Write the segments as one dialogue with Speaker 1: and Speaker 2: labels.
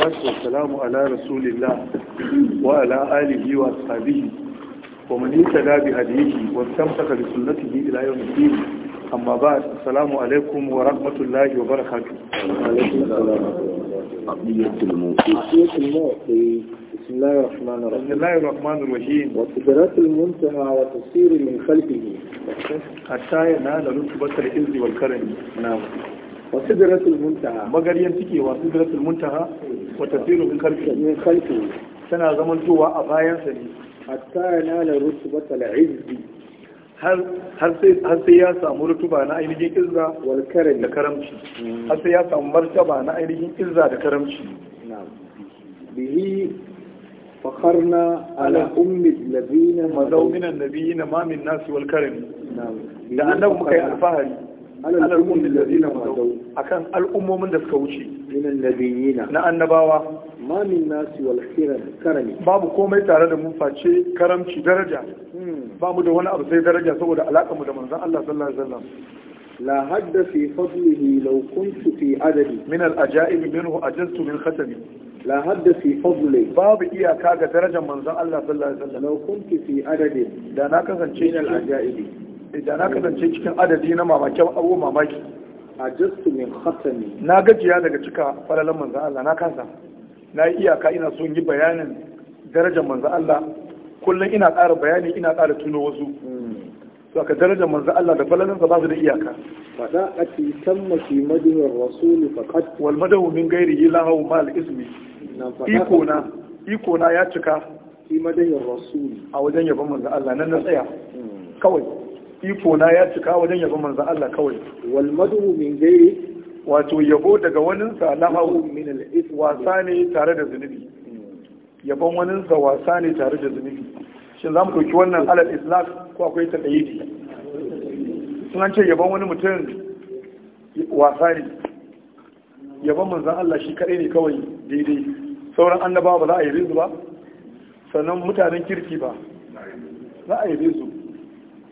Speaker 1: salatu wasalamu ala rasulillah wa ala alihi wa ashabihi wa man yattaba bi hadihi wa istamsaka bi ila yawm al-din amma ba'd assalamu alaikum wa rahmatullahi wa barakatuh alaikum assalam wa بسم الله الرحمن الرحيم وقدرات المنتهى وتصير من خلفه حتى ينال رتبة الإذن والكرم نعم وقدرات المنتهى ما قال ينتكي وقدرات المنتهى wata firu min tana zaman zamantowa a bayansa ne hatta ya nala rutubata al'izzi har sai ya samu rutuba na ainihin izza da karamci har sai ya samu martaba na ainihin izza da karamci bihi fakarna ala ummi ladina mazau minan mamin nasu min da annabu muka yi alfahari akan al'ummomin da suka wuce na annabawa Mamin min nasi wal karami babu komai tare da mufaci karamci daraja ba da wani abu sai daraja saboda alaƙa mu da manzan Allah sallallahu alaihi wasallam لا fi في فضله لو fi adadi. عددي من الأجائب منه أجزت من ختمي لا حد في فضله باب إيا كاك درجة من الله صلى الله عليه وسلم لو كنت في عدد لا ناكسا idan na kasance cikin adadi na mamakin abubuwa mamaki a jastu min khatami na gajiya daga cika falalan manzo Allah na kansa na yi iyaka ina son yi bayanin darajar manzo Allah kullum ina ƙara bayani ina ƙara tuno wasu
Speaker 2: to
Speaker 1: hmm. aka darajar manzo Allah da falalan sa ba su da iyaka fada ati tamma fi madhur rasul faqat wal madahu min ghairihi lahu mal ismi iko na iko na ya cika fi rasul a wajen yabon manzo Allah nan na tsaya hmm. kawai iko na ya cika wajen yabon manzan Allah kawai wal madu min gairi wato yabo daga wanin sa lahu min al wasa ne tare da zunubi yabon wanin sa wasa ne tare da zunubi shin zamu dauki wannan alal islam ko akwai tadayyidi sun an ce yabon wani mutum wasa ne yabon manzan Allah shi kadai ne kawai daidai sauran annabawa ba za a yi rizu ba sannan mutanen kirki ba za a yi rizu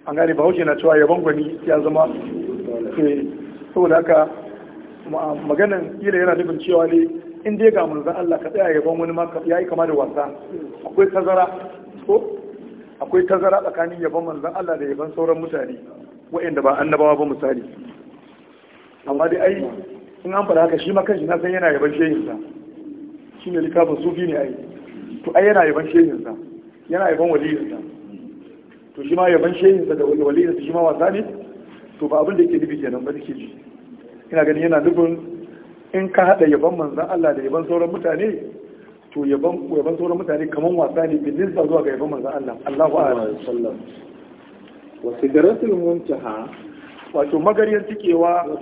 Speaker 1: an gane ba na cewa yaban gwani ya zama eh, saboda haka maganan kila yana nufin cewa ne in dai ga manzon Allah ka tsaya yaban wani ma ya yi kama da wasa akwai tazara ko akwai tazara tsakanin yaban manzon Allah da yaban sauran mutane waɗanda ba annabawa ba misali amma dai ai in an fara haka shi ma kanshi na san yana yaban shehinsa shi ne likafin sufi ne ai to ai yana yaban shehinsa yana yaban waliyinsa to shi ma yaban shehinsa da wali-wali da shi ma wasa ne to ba abin da yake nufi kenan ba nake ji ina ganin yana nufin in ka hada yaban manzan Allah da yaban sauran mutane to yaban yaban sauran mutane kaman wasa ne bin zuwa ga yaban manzan Allah Allahu a'lam sallallahu alaihi wasallam wa sidratul muntaha wato magariyar tikewa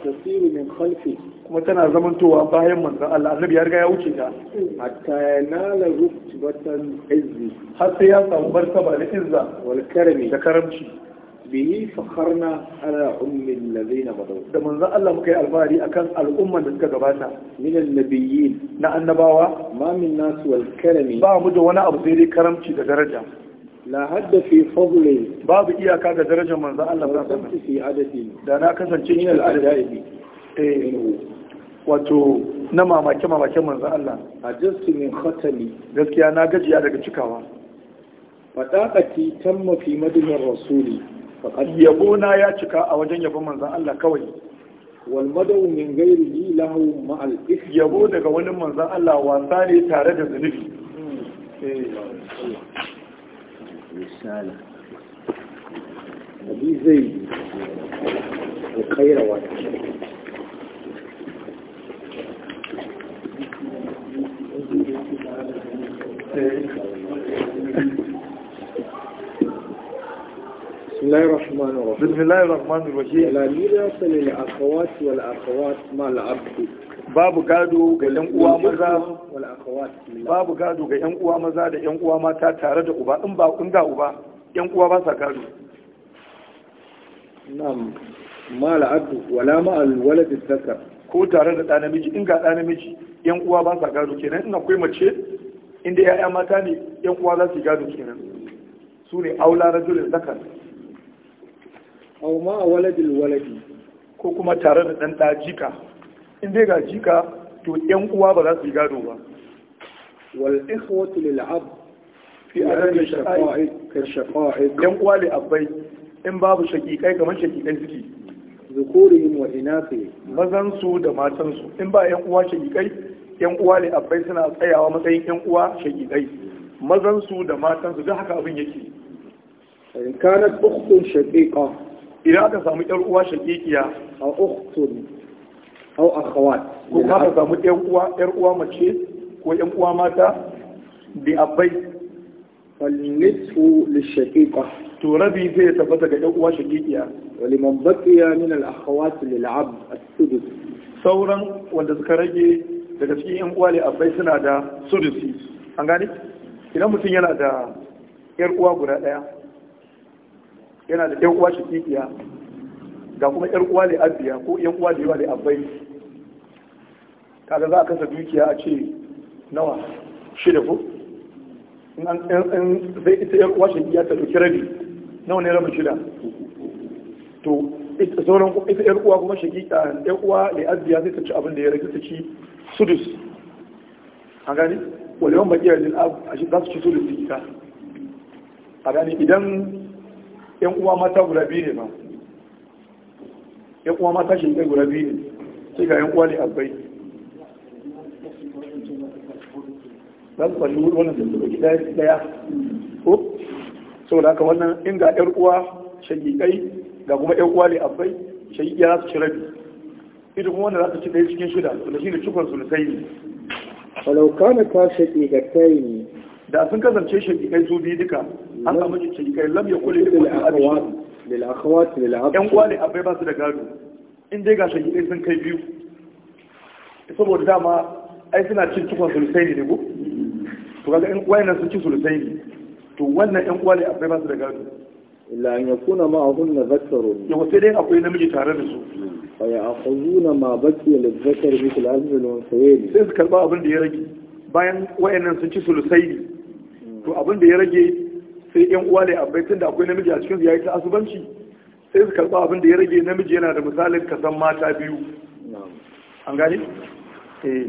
Speaker 1: kuma tana zamantowa bayan manzan Allah annabi ya riga ya wuce ta hatta yanala rutbatan izzi har sai ya samu martaba da izza wal karami da karamci bihi fakharna ala ummi alladhina badaw da manzan Allah muka yi alfahari akan al'umman da suka gabata min annabiyyin na annabawa ma min nas wal karami ba mu da wani abu sai dai karamci da daraja la hadda fi fadli babu iyaka ga darajar manzo Allah ba san fi adadi da na kasance cikin al'adadi eh wato na mamaki mamakin manzo Allah min khatali gaskiya na gajiya daga cikawa fadaqati tamma fi madinar rasuli faqad yabona ya cika a wajen yabon manzo Allah kawai wal madu min ghairi lahu ma al yabo daga wani manzo Allah wasa ne tare da zunubi
Speaker 2: الرسالة أبي زيد الخيروات بسم
Speaker 1: الله الرحمن الرحيم بسم الله الرحمن الرحيم لا ميراث للأخوات والأخوات ما العبد babu gado ga yan uwa maza babu gado ga yan uwa maza da yan uwa mata tare da uba in ba kun ga uba yan uwa ba sa gado nam mala addu wala ma al walad zakar ko tare da ɗan namiji in ga ɗan namiji yan uwa ba sa gado kenan in akwai mace inda ya'ya mata ne yan uwa za su gado kenan su ne aula rajul zakar aw ma waladil waladi ko kuma tare da dan dajika in dai ga jika to yan uwa ba za su yi gado ba wal ikhwatu lil ab fi yan uwa li abai in babu shaqiqai kamar shaqiqai suke zukurihim wa inathihim mazan su da matan su in ba yan uwa shaqiqai yan uwa li abai suna tsayawa matsayin yan uwa shaqiqai mazan su da matan su duk haka abin yake in kanat ukhtun shaqiqa ila aka samu yar uwa shaqiqiya a ukhtun aw akhawat ko ka ka samu yan uwa yar uwa mace ko yan uwa mata bi abai fal nisfu lishaqiqa to rabi zai tabbata ga yan uwa shaqiqiya wa liman baqiya min al akhawat lil abd as-sudus sauran wanda suka rage daga cikin yan uwa ne abai suna da sudusi an gane idan mutum yana da yar uwa guda daya yana da yan uwa shaqiqiya ga kuma yar uwa ne abiya ko yan uwa da yawa da abai kaga za a kasa dukiya a ce nawa shida ko in zai ita yan uwa shi ya ta dauki rabi nawa ne rabin shida to ita sauran ita yan uwa kuma shakika eh, yan uwa da azziya zai ta ci abin da ya rage ta ci sudus a gani wani yawan bakiyar jin abu a shi za su ci sudus dika a gani idan yan uwa mata guda biyu ne ma, yan uwa mata shi guda biyu ne sai ga yan uwa ne abai zan su kwalli wannan da zuba gida daya ko saboda haka wannan inda yar uwa shagiƙai ga kuma yar uwa ne abai shagiƙiya za su ci rabi idan kuma wanda za su ci ɗaya cikin shida to shi ne cikon sulusai ne walau kana ta kai ne da sun kasance shagiƙai su biyu duka an samu shagiƙai lam ya kule da wani abin lil'akhawati lil'abdi yan uwa ne abai ba su da gado in dai ga shagiƙai sun kai biyu saboda dama ai suna cin cikon sai ne ne ko to kaga in uwayen sun ci sulusai ne to wannan yan uwa ne akwai ba su da gado illa an yakuna ma hunna zakaru ya sai dai akwai namiji tare da su fa akhuzuna ma baqiya lizakar mithl azmil unsayayn sai su karba abin da ya rage bayan wayannan sun ci sulusai ne hmm. to abin da ya rage sai yan uwa ne abai tunda akwai namiji a cikin su yayi ta asubanci sai su karba abin da ya rage namiji yana da misalin kasan mata biyu an gane eh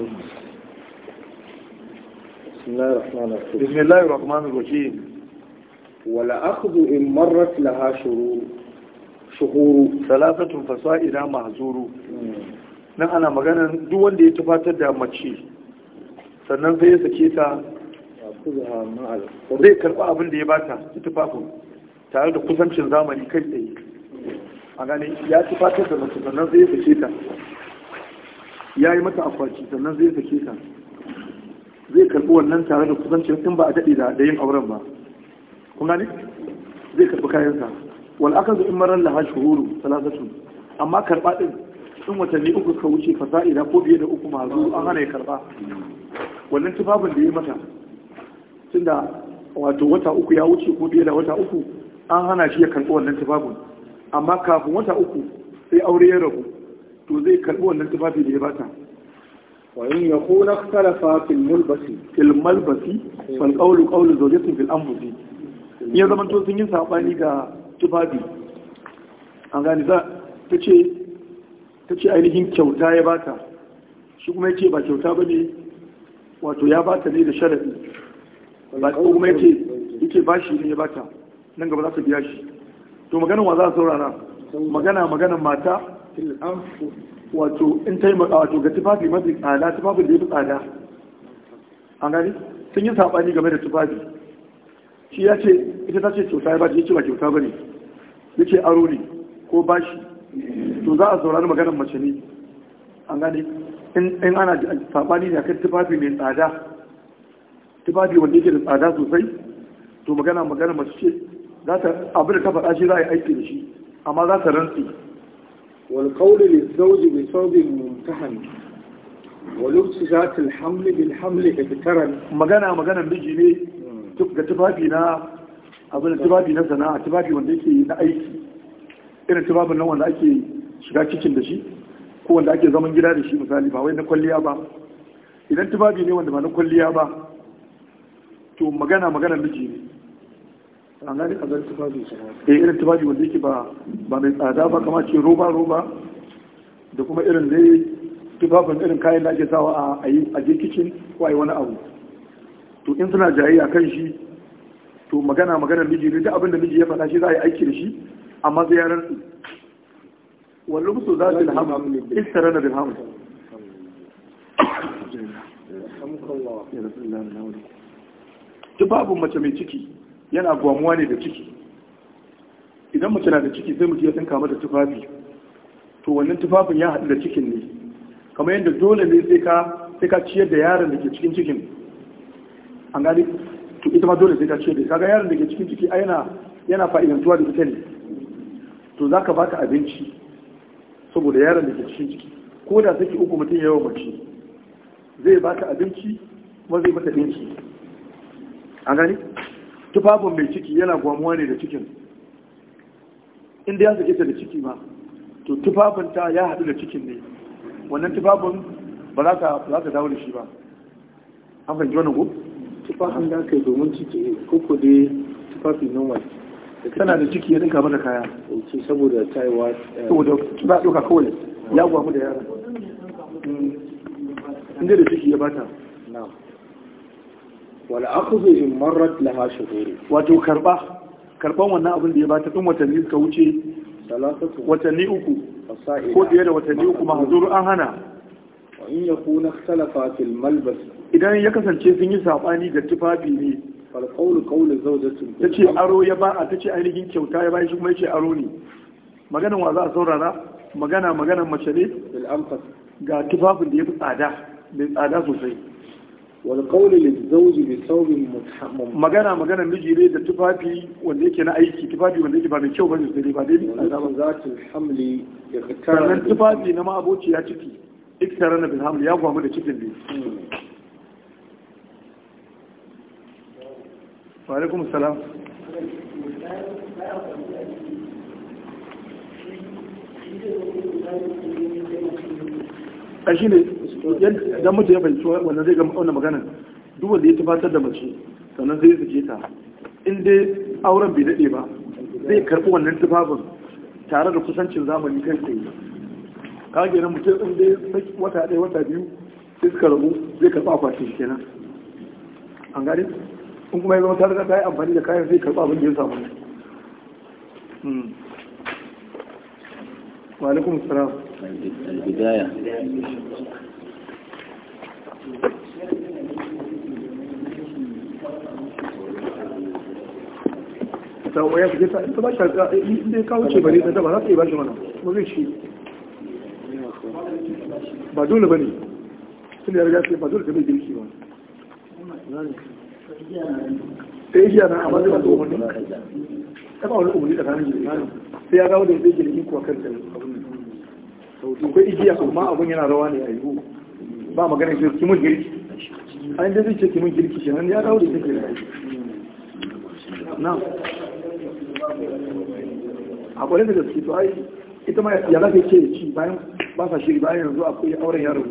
Speaker 1: بسم الله الرحمن الرحيم بسم ولا إن مرت لها شهور ثلاثة فصائل معذور nan ana magana duk wanda ya tufatar da mace sannan sai ya sake ta zai karɓi abin da ya bata ta tufafin tare da kusancin zamani kai a gane ya tufatar da mace sannan sai ya sake ta ya yi mata akwati sannan zai sake ka. zai karɓi wannan tare da kusancin in ba a daɗe da yin auren ba kun gane zai karɓi kayansa wal aka in marar laha shuhuru salasatu amma karɓa ɗin sun watanni uku ka wuce fasa'ida ko biye da uku mazu an hana ya karɓa wannan tufafin da ya mata da wato wata uku ya wuce ko biye da wata uku an hana shi ya karɓi wannan tufafin amma kafin wata uku sai aure ya rabu to zai karbi wannan tufafi da ya bata wa in yakuna ikhtalafa fil mulbasi fil malbasi fal qawlu qawlu zawjatin fil anfusi ya zaman to sun yi sabani ga tufafi an gani za ta ce ta ce ainihin kyauta ya bata shi kuma ya ce ba kyauta ba ne wato ya bata ne da sharafi ba kuma ya ce ba shi ne ya bata nan gaba za ka biya shi to maganin wa za a saurara magana maganin mata fil wato in taimaka wato ga tufafi mafi tsada tufafin da ya fi tsada an gani sun yi saɓani game da tufafi shi ya ce ita ta ce kyauta ya ba ya ce ba kyauta ba ne ya ce aro ne ko bashi to za a saurari maganar mace ne an gani in ana saɓani ne akan tufafi mai tsada tufafi wanda yake da tsada sosai to magana maganar mace ce za ta abin da ta faɗa shi za a yi aiki da shi amma za ta rantsi والقول للزوج بصوب ممتهن ولبس ذات الحمل بالحمل ابترن مغانا مغانا ميجي ne ga tufafi na abin tufafi na sana'a tufafi wanda yake na aiki irin tufafin nan wanda ake shiga cikin da shi ko wanda ake zaman gida da shi misali ba wai na kwalliya ba idan tufafi ne wanda ba na kwalliya ba to magana magana miji ne an gani tufafi eh irin tufafi wanda yake ba ba mai tsada ba kamar ce roba roba da kuma irin dai tufafin irin kayan da ake sawa a yi a je kicin ko a yi wani abu to in suna jayayya kan shi to magana maganar miji ne duk abin da miji ya faɗa shi za a yi aiki da shi amma sai ya rantsu wallu su za su ilhamu istara na bilhamu tufafin mace mai ciki yana gwamuwa ne da ciki idan mace na da ciki sai mutu ya kama da tufafi to wannan tufafin ya haɗu da cikin ne kamar yadda dole ne sai ka ciyar da yaron da ke cikin cikin an gani to ita ma dole sai ka ciyar da kaga yaron da ke cikin ciki yana yana fa'idantuwa da ita ne to za ka baka abinci saboda yaron da ke cikin ciki ko da saki uku mutum ya yawa mace zai baka abinci kuma zai mata abinci, an gani tufafin mai ciki yana gwamuwa ne da cikin inda ya sake ta da ciki ma to tufafin ta ya haɗu da cikin ne wannan tufafin ba za ka dawo da shi ba an fahimci wani gu? tufafin da aka yi domin ciki koko dai tufafin normal tana da ciki ya dinka da kaya ce saboda taiwa eh, saboda ba ɗauka kawai ya gwamu da yaran
Speaker 2: mm. inda da
Speaker 1: ciki ya bata wal akhdhu in marrat laha shuhur wato karba karban wannan abin da ya bata tun watanni suka wuce watanni uku ko fiye da watanni uku mahzuru an hana wa in yakuna ikhtalafa fil malbas idan ya kasance sun yi sabani ga tufafi ne fal qawlu zawjatin tace aro ya ba a tace ainihin kyauta ya ba shi kuma yace aro ne maganan wa za a saurara magana maganan mace ne ga tufafin da ya fi tsada mai tsada sosai والقول للزوج بثوب magana magana miji ne da tufafi wanda yake na aiki tufafi wanda yake ba mai kyau bane sai ba dai zaman zatul hamli sannan tufafi na ma'aboci ya ciki iktara na bin hamli ya gwamu da cikin ne hmm. wa alaikum a shi idan mutum ya fahimci wannan zai ga wannan magana duk wanda ya tabbatar da mace sannan zai zuke ta in dai auren bai daɗe ba zai karɓi wannan tufafin tare da kusancin zamani kai tsaye ka gina nan mutum in dai wata ɗaya wata biyu sai suka rabu zai karɓi akwatin kenan an gane in kuma ya zama ta riga ta yi amfani da kayan zai karɓi abin da ya samu hmm. wa alaikum salam ta waya ku ta ta ba shaka eh, in dai kawo ce ta ba za ta yi ba shi zai ba dole sun sai ba dole ta bai girki ba sai eh, iya na amma zai ba ta ta ba wani umarni tsakanin sai ya gawo da zai girki kuwa abin igiya kuma abin yana rawa ne a yi ba magana shi kimin girki an da zai ce kimin girki shi nan ya dawo da take da na a kwanin da gaske to ai ita ma ya lafi ce ci bayan ba sa shiri bayan yanzu a akwai auren yaro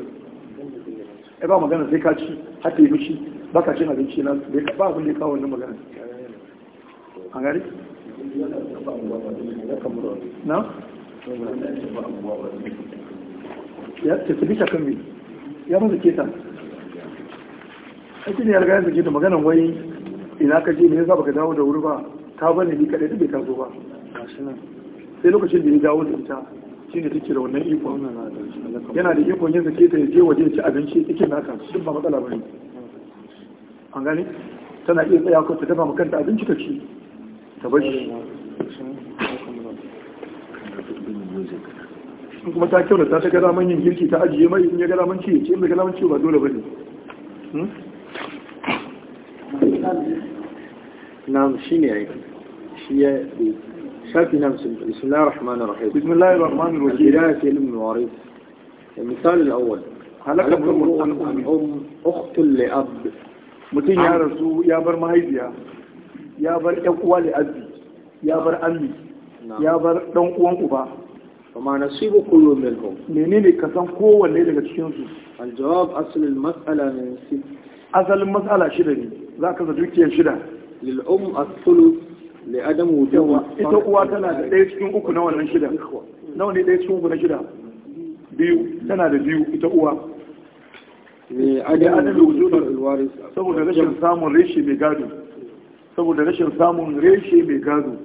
Speaker 1: ai ba magana sai ka ci har ta yi fushi ba ka ce cin abinci na ba abin da ya kawo wannan magana a gari na ya tafi bisa kan mai ya masa keta a cikin yarga ya zage da maganan wai ina ka je ne yasa ka dawo da wuri ba ta bane ni kadai duk bai taso ba sai lokacin da ya dawo da ita shine take da wannan ikon yana da ikon yin zake ta ya je waje ci abinci cikin naka duk ba matsala bane an gani tana iya tsaya ko ta dafa ma kanta abinci ta ci ta bar shi in kuma ta da ta gada man yin girki ta ajiye mai in ya gada man ce ce in bai gada man ce ba dole bane hmm? na'am shine yayi shi ya shafi na bismillahir rahmanir rahim bismillahir rahmanir rahim hidayat ilm waris misal al-awwal halaka um ukht li-ab mutum ya rasu ya bar mahaifiya ya bar ƴan uwa li-abi ya bar ammi ya bar dan uwan uba وما نصيب كل منهم منين كسان kowanne daga cikin su aljawab asl almas'ala min sit asal mas'ala shida ne zaka za dukiyar shida lil um as-thuluth li adam wujud ita uwa tana da ɗaya cikin uku nawa na shida tana da biyu ita uwa li adam wujud al-waris saboda rashin samun reshe mai gado saboda rashin samun reshe mai gado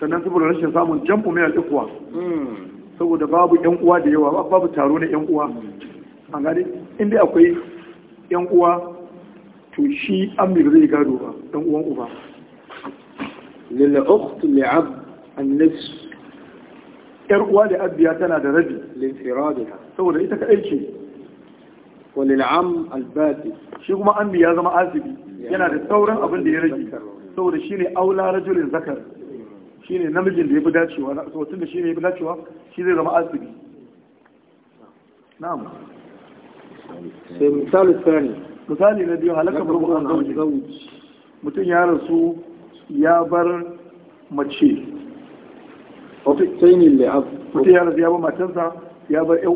Speaker 1: sannan saboda rashin samun jam'u mai al saboda babu yan uwa da yawa babu taro na yan uwa a gane inda akwai yan uwa to shi amir zai gado ba dan uwan uba lil ukht li ab an nisf yar uwa da abiya tana da rabi lil firadiha saboda ita ka aiki wa lil am al shi kuma ambi ya zama asibi yana da sauran abin da ya rage saboda shine aula rajulin zakar shi ne namijin da ya fi dacewa mutum da shi ne ya fi dacewa shi zai zama asibi na'am sai misali tsani misali na biyu halakar rubuwan zauji mutum ya rasu ya bar mace ofitsaini le'ab mutum ya rasu ya bar matansa ya bar yan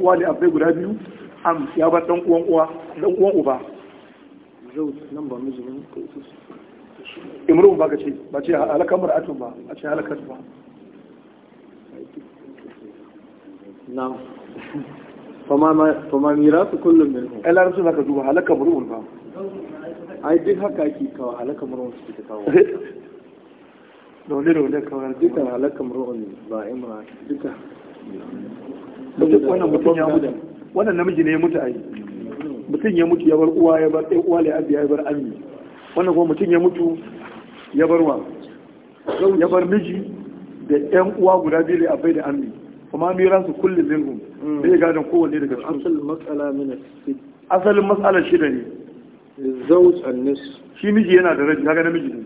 Speaker 1: uwa le'ab guda biyu am ya bar dan uwan uwa dan uwan uba zauji nan ba mijin imrun ba ka ce ba ce halakar mar'atun ba a ce halakar ba na fama mira su kullum min hu ɗan larabci zaka duba halakar mar'un ba ai duk haka ake kawo halakar mar'un su ke kawo dole dole kawo duka halakar mar'un ba imra duka wannan mutum ya mutu wannan namiji ne ya mutu a yi mutum ya mutu ya bar uwa ya bar ɗan uwa ya bar ammi wannan kuma mutum ya mutu ya bar wa ya bar miji da yan uwa guda biyu a abai da ammi kuma miran su kulli minhum da hmm. ya gadon kowanne daga cikin asalin matsala mina asalin matsala shida ne zawj annis shi miji yana da rabi kaga namiji ne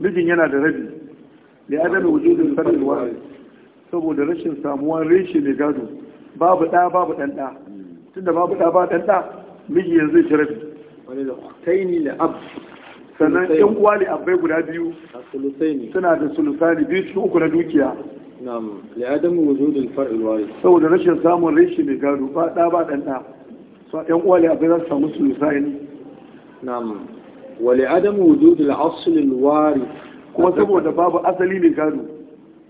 Speaker 1: mijin yana da rabi da adam wujudin fardin wahid saboda rashin samuwa reshe mai gado babu ɗa babu ɗan ɗa hmm. tunda babu ɗa ba ɗan ɗa miji yanzu ya ci rabi sannan yan uwa li abai guda biyu suna da sulusani biyu cikin uku na dukiya na'am li adamu wujudul far'il waris saboda rashin samun rishi mai gado ba da ba dan da so yan uwa li abai za su samu sulusani na'am wa li adamu wujudul asl al waris kuma saboda babu asali mai gado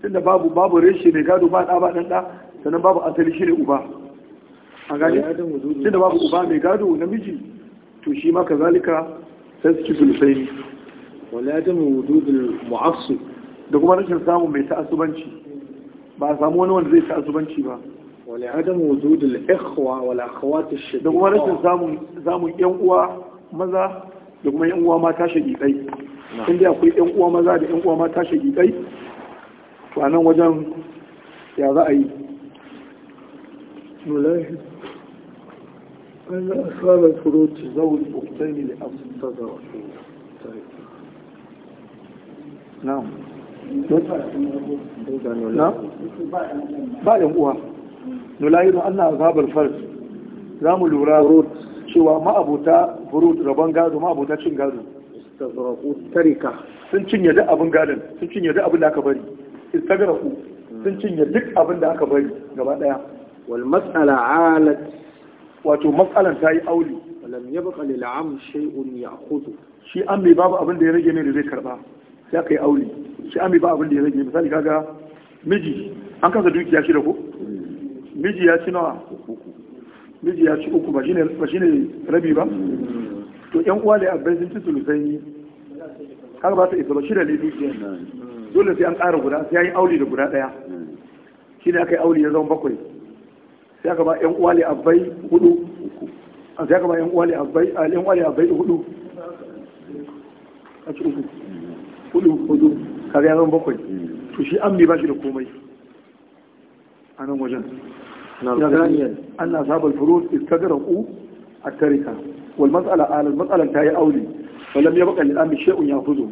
Speaker 1: tunda babu babu rishi mai gado ba da ba dan da sannan babu asali shi ne uba a gani
Speaker 2: tunda babu uba
Speaker 1: mai gado namiji to shi ma zalika sai su ci sulusaini wala ya jami wududul mu'afsu da kuma rashin samun mai ta'asubanci ba a samu wani wanda zai ta'asubanci ba wala ya jami wududul ikhwa wala akhawati shi da kuma rashin samun samun yan uwa maza da kuma yan uwa mata shagiƙai in Inda akwai yan uwa maza da yan uwa mata shagiƙai to a nan wajen ya za a yi
Speaker 2: فإذا أخال الفروض ذوي الأختين لأمس صدر
Speaker 1: نعم نعم ba yan uwa nulayiru an na zabar fars za mu lura cewa ma'abuta burut rabon gado ma'abuta cin gado sun cinye duk abin gadon sun cinye duk abin da aka bari istagraku sun cinye duk abin da aka bari gaba ɗaya. wal mas'ala alat wato matsalan ta yi auli lam baka lil am shay'un ya'khudhu shi an bai babu abin da ya rage ne da zai karba ya kai yi auli shi an bai babu abin da ya rage misali kaga miji an kasa dukiya shi da ko miji ya ci nawa miji ya ci uku ba shine ba rabi ba to yan uwa da abin sun ci sulusai kaga ba ta isa ba shi da ne dukiya hmm. dole sai an ƙara guda sai an yi auli da guda ɗaya ne aka yi auli ya zama bakwai sai aka ba yan uwa li abbai hudu sai aka ba yan uwa li abbai yan uwa li abbai hudu a ci uku hudu hudu kaga yaran bakwai to shi an bai bashi da komai a nan wajen أن أصحاب الفروض استغرقوا التركة والمسألة آل المسألة تاي أولي ولم يبقى للأم شيء يأخذه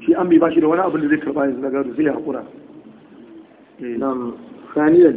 Speaker 1: شيء أم باشر وأنا أبن ذكر بايز لقد سيها قرى نعم ثانيا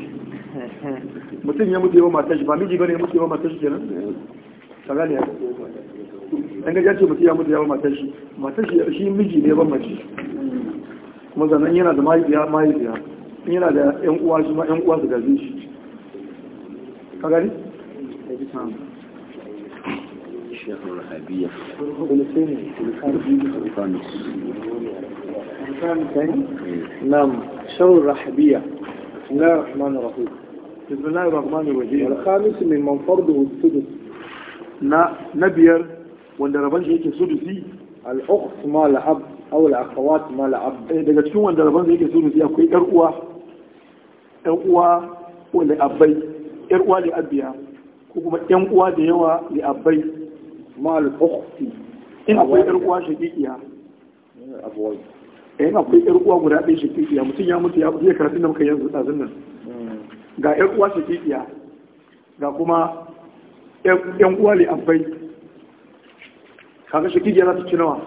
Speaker 1: mutum ya mutu yawa matar shi ba miji bane ya mutu yawa matar shi kenan ka gani ya ɗan gajiyar ce mutum ya mutu yawa matar shi matar shi shi miji ne ban mace kuma zanen yana da mahaifiya mahaifiya yana da yan uwa shi ma yan uwa su gaje shi ka gani الشيخ الرهابية بسم الله الرحمن الرحيم الخامس من من فرضه السدس نا نبير وان دربان شيء سدسي الاخت ما لعب او الأخوات ما الأب إيه دقا تكون وان دربان شيء سدسي أكوي إرؤوا إرؤوا ولا أبي إرؤوا لأبيها كوكما إرؤوا ديوا لأبي ما الأخت إن أكوي إرؤوا شديدها أبوي in akwai yar uwa guda ɗaya shakiya mutum ya يا ya يا da muka yanzu tsazin nan ga yan uwa shakikiya ga kuma yan uwa li abbai kaga su shakikiya za ta ci nawa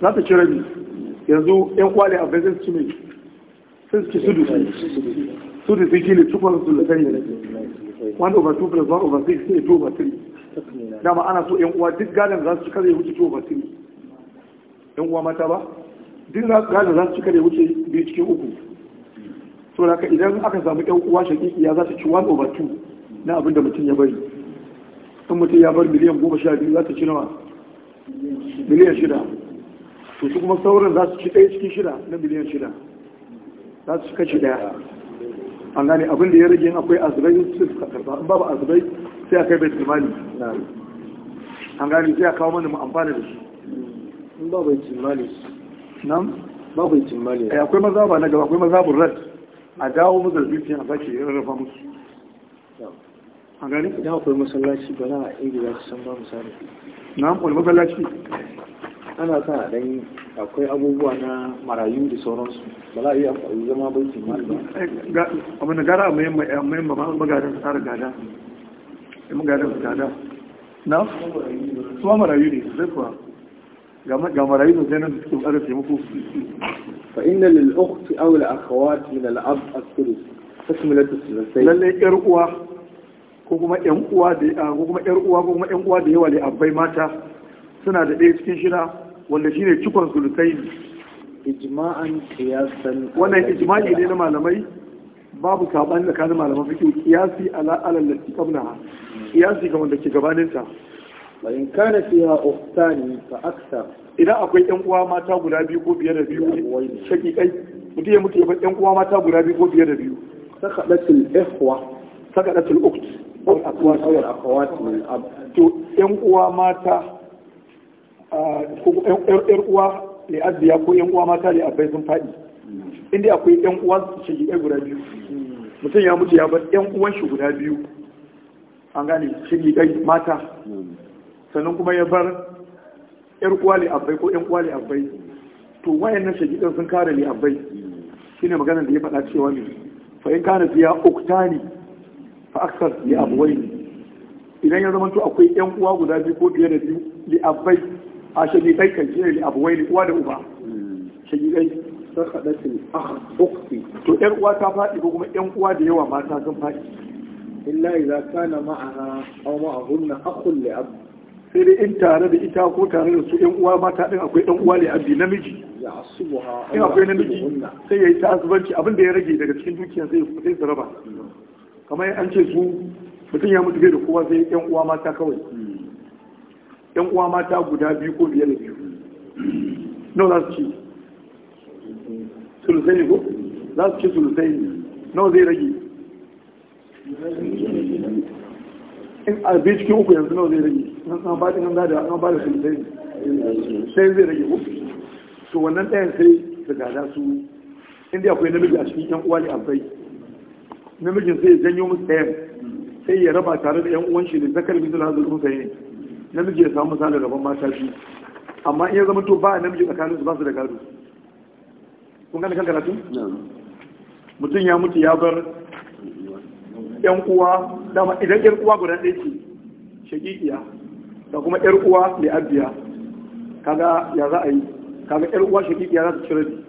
Speaker 1: za ta ci rabi yanzu yan uwa li abbai zai ci mai sun ci sudu sudu sun shi ne su sulasai ne wanda over 2 plus 1 over 6 sai 2 over 3 dama ana so yan uwa duk gadon za su kare wuce to batiri yan uwa mata ba duk gane za su cika da wuce biyu cikin uku so da idan aka samu yan uwa ya za su ci 1 over 2 na abinda mutum ya bari in mutum ya bar miliyan goma sha biyu za su ci nawa miliyan shida to su kuma sauran za su ci ɗaya cikin shida na miliyan shida za su kashi ɗaya an gane abin da ya rage akwai azurai su suka karba in babu azurai sai a kai bai tsimani an gane sai a kawo mana mu amfana da shi in babu tsimani nam babu ijimali eh, akwai mazhaba na gaba akwai mazhabun rad a dawo musu da zuciya a sake rarrafa musu a gani idan akwai masallaci ba za a iya za su san ba misali na wani masallaci ana sa a ɗan akwai abubuwa na marayu da sauransu ba za a iya amfani zama baiti ma ba eh, abin da gara a mayan ba magadan su tsara gada magadan su gada na su marayu ne zai kuwa ga marayu sosai da suke tsara taimako fa inna lil ukhti aw al akhawat min al ab asru tasmilat sulasai lalle yar uwa ko kuma yan uwa da ah, ko kuma yar uwa ko kuma yan uwa da yawa da abbai mata suna da ɗaya cikin shida wanda shine cikon sulusai ijma'an qiyasan wannan ijma'i ne na malamai babu saɓani tsakanin malaman fiqh qiyasi ala alal lati qablaha qiyasi kamar da ke gabaninta in kana fiha ukhtani fa akthar idan akwai yan uwa mata guda biyu ko biyar da biyu shakikai mutum ya mutu ya bar ƴan uwa mata guda biyu ko biyar da biyu sakadatul ikhwa sakadatul ukht wal akwat aw al akhawat min ab to yan uwa mata ko ƴan uwa li abiya ko yan uwa mata li abai sun fadi inda akwai yan uwa shakikai guda biyu mutum ya mutu ya bar ƴan uwan shi guda biyu an gane shakikai mata hmm. sannan kuma ya bar yar kwali abai ko yan kwali abai to wayannan shagidan sun kare li shi shine magana da ya faɗa cewa ne fa in kana fiya uktani fa aksar li abwayn idan ya zama to akwai yan uwa guda biyu ko fiye da biyu li abai a shagidai kan shine li abwayn uwa da uba shagidai sakadatin a ukti to yar uwa ta faɗi ko kuma yan uwa da yawa mata sun faɗi illa idza kana ma'aha aw ma'ahunna akhun li abai sai in tare da ita ko tare da su yan uwa mata din akwai dan uwa ne abi namiji in akwai namiji sai ya yi ta abin da ya rage daga cikin dukiya sai sai su raba kamar an ce su mutum ya mutu da kowa sai yan uwa mata kawai yan hmm. uwa mata guda biyu ko biyar da biyu nawa za su ci sulusai ne ko za su ci sulusai ne nawa zai rage in a cikin uku yanzu nawa zai rage an ba da ba da an ba da sai zai rage to wannan ɗayan sai su akwai namiji a cikin yan uwa ne abai namijin sai ya musu sai raba tare da yan uwan shi da zakar mutum na zuwa ne namiji ya samu misalin rabon mata amma iya zama to ba namiji tsakanin su ba su da gado kun gane kan karatu mutum ya mutu ya bar yan uwa dama idan yan uwa guda ɗaya ce shaƙiƙiya da kuma yar uwa mai abiya kaga ya za a yi kaga yar uwa ya za ta cire rabi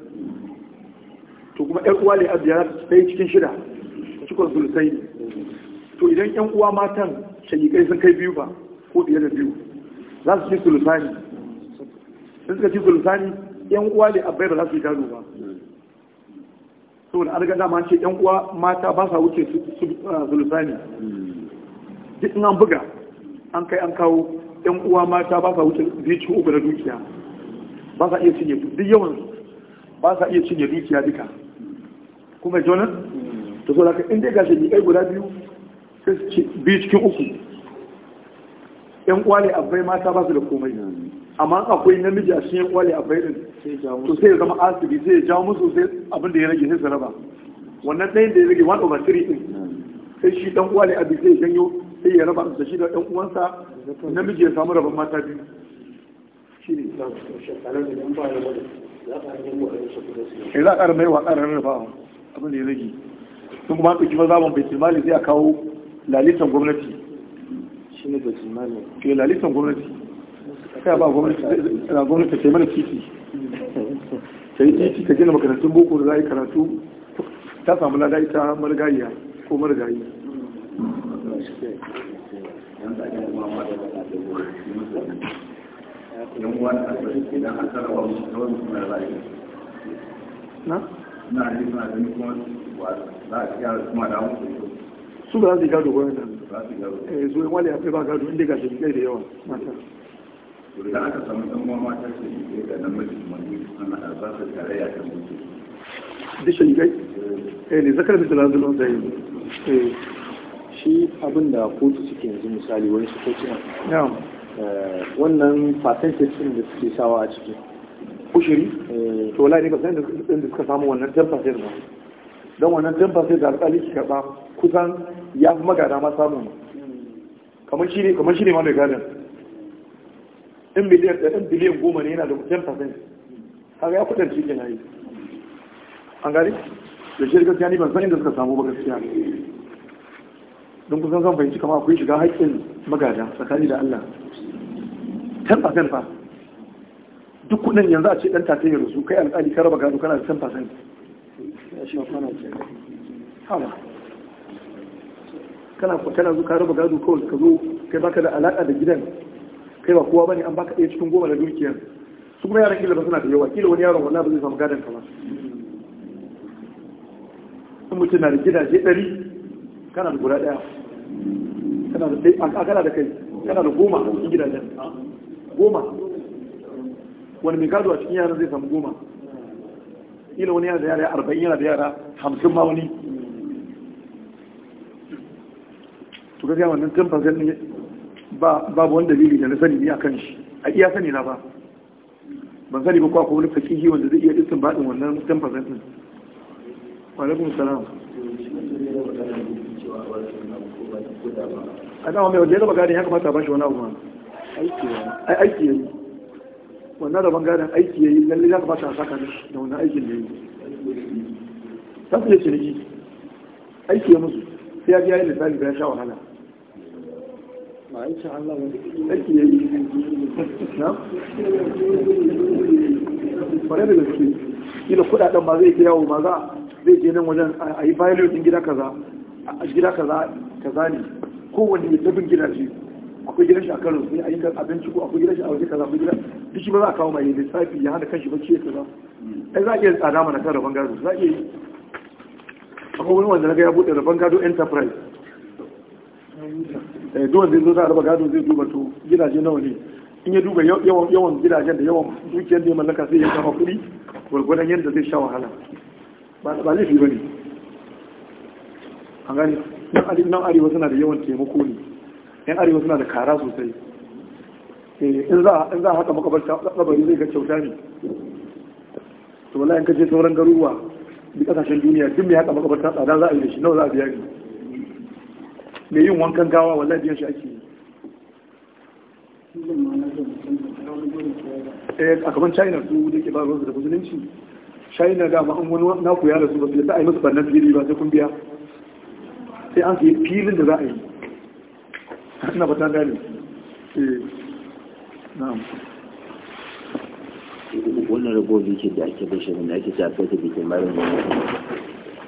Speaker 1: to kuma yar uwa mai abiya za ta kai cikin shida cikin sulusai to idan yan uwa matan shaqiqai sun kai biyu ba ko biyar da biyu za su ci sulusani sun suka ci sulusani yan uwa mai abai ba za su yi gado ba saboda an ga dama ce yan uwa mata ba sa wuce sulusani duk an buga an kai an kawo yan uwa mata ba sa wuce biyu cikin uku na dukiya ba sa iya cinye duk yawan ba sa iya cinye dukiya duka kuma jonas ta so laka inda ga shi kai guda biyu biyu cikin uku yan ne abai mata ba su da komai amma akwai namiji a cikin yan ne abai din to sai ya zama asibi sai ya jawo musu sai abin da ya rage sai su wannan ɗayan da ya rage one over three din sai shi dan ne abin sai ya janyo sai ya raba da shi da ɗan uwansa namiji ya samu rabon mata biyu
Speaker 2: shi ne eh, za a ƙara mai wa
Speaker 1: abin da ya rage sun kuma ɗauki zai a kawo lalitan gwamnati shi ne ke eh, lalitan gwamnati sai ba gwamnati eh, ta titi titi ka gina makarantun boko da za a yi karatu ta samu lada ita marigayiya ko marigayi su ba za su gado wani nan eh zuwa wale ya gado inda ga shirkai da yawa mata
Speaker 2: da aka samu ɗan uwa shirkai da namiji mai ana da
Speaker 1: za su tare ya kan mutu shirkai eh ne zakar da da yi shi abin da kotu suke yanzu misali wani su na eh, wannan percentage din da suke sawa a ciki kushiri eh. to wala ne ba san da suka samu wannan 10% ba don wannan 10% da alƙali ke karɓa kusan ya fi magada ma samun kamar shi ne kamar shi ne ma mai gadon in biliyan ɗin biliyan goma ne yana da 10% kaga ya kudin cikin yayi an gari da shi gaskiya ni ban san inda suka samu ba gaskiya don kusan zan fahimci kama akwai shiga haƙƙin magada tsakani da Allah ten percent fa duk kudin yanzu a ce ɗan tafiye ya rusu kai alƙali ka raba gado kana da ten percent kana kana zo ka raba gado kawai ka zo kai baka da alaƙa da gidan kai ba kowa bane an baka ɗaya cikin goma da dukiyar su kuma yaran kila ba suna da yawa kila wani yaron wallahi ba zai samu gadon ka ba in mutum na da gidaje ɗari kana da guda ɗaya kana da sai kana da kai kana da goma a cikin gidajen goma wani mai gado a cikin yaran zai samu goma ila wani yana da yara arba'in yana da yara hamsin ma wani to gaskiya wannan ten percent ne babu wani dalili da na sani ne a kan shi a iya sani na ba ban sani ba kwa ko wani fakihi wanda zai iya istin baɗin wannan ten percent ɗin wa alaikum salam a dama mai wanda ya raba gadon ya kamata ba shi wani abu ma. aiki ya yi wannan raban gadon aiki ya yi lalle ya kamata a saka mishi da wannan aikin da ya yi ta fiye ciniki aiki ya musu sai ya biya yin lissafi da ya sha wahala aiki ya yi na? kwanar da gaske ila kudaden ba zai ke yawo ba za zai je nan wajen a yi bayan gida kaza a gida kaza kaza ne kowanne labin gidaje akwai gidan shi a karo sai ayyukan abinci ko akwai gidan shi a waje kaza akwai gidan duk shi ba za a kawo mai lissafi ya hana kanshi bacci ya kaza ai za a iya tsada mana kan rabon gado za a iya yi akwai wani wanda na ga ya buɗe rabon gado enterprise eh duwan zai zo za a raba gado zai duba to gidaje nawa ne in ya duba yawan gidajen da yawan dukiyar da ya mallaka sai ya kama kuɗi gwargwadon yadda zai sha wahala ba laifi ba ne an gane nan arewa suna da yawan taimako ne yan arewa suna da kara sosai eh, in za a haka makabarta tsabari zai ga kyauta ne to wala yanka ce sauran garuruwa da kasashen duniya duk mai haka makabarta tsada za a yi da shi nawa za a biya ni mai yin wankan gawa wala biyan shi ake
Speaker 2: yi eh, a kaman
Speaker 1: china su da ke ba da musulunci china da ma'an wani naku ya rasu ba su yadda a yi musu bannan fili ba sai kun biya sai an sai filin da za a yi na ina ba ta gane eh, wannan ragobi ke da
Speaker 2: ake da shirin da ake shafe da bikin bayan da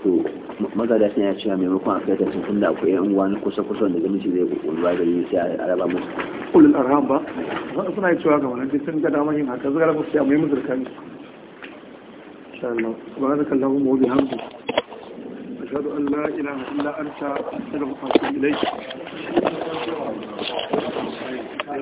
Speaker 2: to magada suna cewa maimakon
Speaker 1: a kai sun kunda akwai yan uwa na kusa kusa da gamisi zai kuku ba da yi sai a raba musu ulul arham ba wannan suna cewa ga wani sun ga damar yin haka zuwa rabu sai ya mai musu da kani insha Allah subhanaka allahumma wa bihamdika أشهد أن لا إله إلا أنت أستغفرك إليك